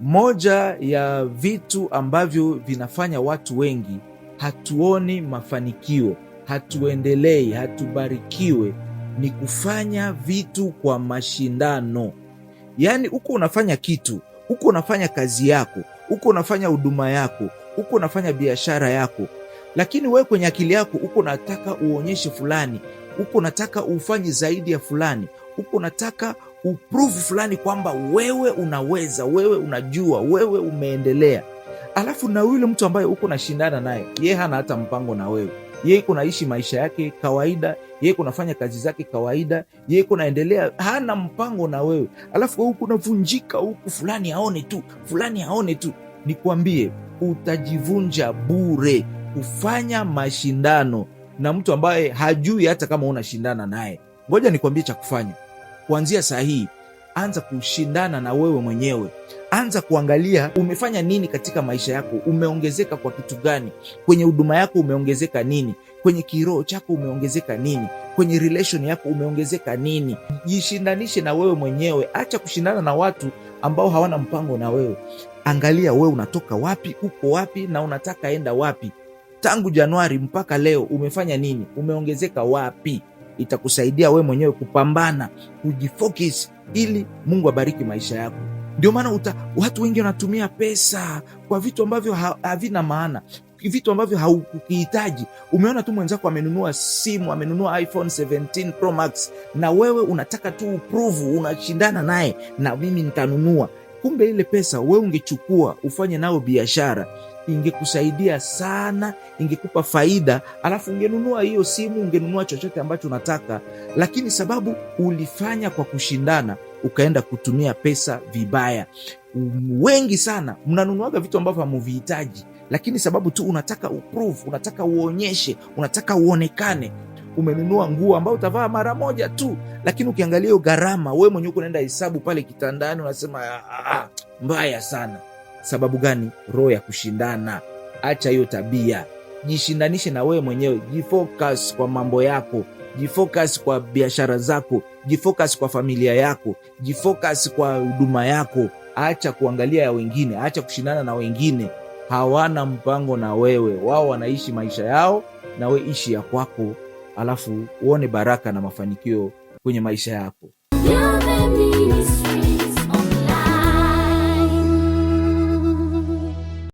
Moja ya vitu ambavyo vinafanya watu wengi hatuoni mafanikio, hatuendelei, hatubarikiwe ni kufanya vitu kwa mashindano. Yaani huko unafanya kitu, huko unafanya kazi yako, huko unafanya huduma yako, huko unafanya biashara yako, lakini wewe kwenye akili yako huko unataka uonyeshe fulani, huko unataka ufanye zaidi ya fulani, huko unataka uprufu fulani kwamba wewe unaweza, wewe unajua, wewe umeendelea. Alafu na yule mtu ambaye uko unashindana naye, ye hana hata mpango na wewe, Ye iko naishi maisha yake kawaida, ye iko nafanya kazi zake kawaida, ye iko naendelea, hana mpango na wewe, alafu wewe unavunjika huku, fulani aone tu, fulani aone tu. Nikwambie, utajivunja bure kufanya mashindano na mtu ambaye hajui hata kama unashindana naye. Ngoja nikuambie cha kufanya kuanzia saa hii anza kushindana na wewe mwenyewe. Anza kuangalia umefanya nini katika maisha yako, umeongezeka kwa kitu gani? Kwenye huduma yako umeongezeka nini? Kwenye kiroho chako umeongezeka nini? Kwenye relation yako umeongezeka nini? Jishindanishe na wewe mwenyewe, acha kushindana na watu ambao hawana mpango na wewe. Angalia wewe unatoka wapi, uko wapi na unataka enda wapi. Tangu Januari mpaka leo umefanya nini? Umeongezeka wapi? itakusaidia we mwenyewe kupambana, kujifocus ili Mungu abariki maisha yako. Ndio maana watu wengi wanatumia pesa kwa vitu ambavyo havina maana, vitu ambavyo haukihitaji. Umeona tu mwenzako amenunua simu, amenunua iPhone 17 Pro Max, na wewe unataka tu upruvu unashindana naye, na mimi nitanunua. Kumbe ile pesa wewe ungechukua ufanye nao biashara ingekusaidia sana, ingekupa faida, alafu ungenunua hiyo simu, ungenunua chochote ambacho unataka, lakini sababu ulifanya kwa kushindana, ukaenda kutumia pesa vibaya. Mm, wengi sana mnanunuaga vitu ambavyo hamuvihitaji, lakini sababu tu unataka uprove, unataka uonyeshe, unataka uonekane umenunua nguo ambayo utavaa mara moja tu, lakini ukiangalia hiyo gharama, wewe mwenyewe unaenda hesabu pale kitandani, unasema ah, ah, ah, mbaya sana. Sababu gani? Roho ya kushindana. Acha hiyo tabia, jishindanishe na wewe mwenyewe, jifocus kwa mambo yako, jifocus kwa biashara zako, jifocus kwa familia yako, jifocus kwa huduma yako. Acha kuangalia ya wengine, acha kushindana na wengine. Hawana mpango na wewe, wao wanaishi maisha yao, na we ishi ya kwako, alafu uone baraka na mafanikio kwenye maisha yako.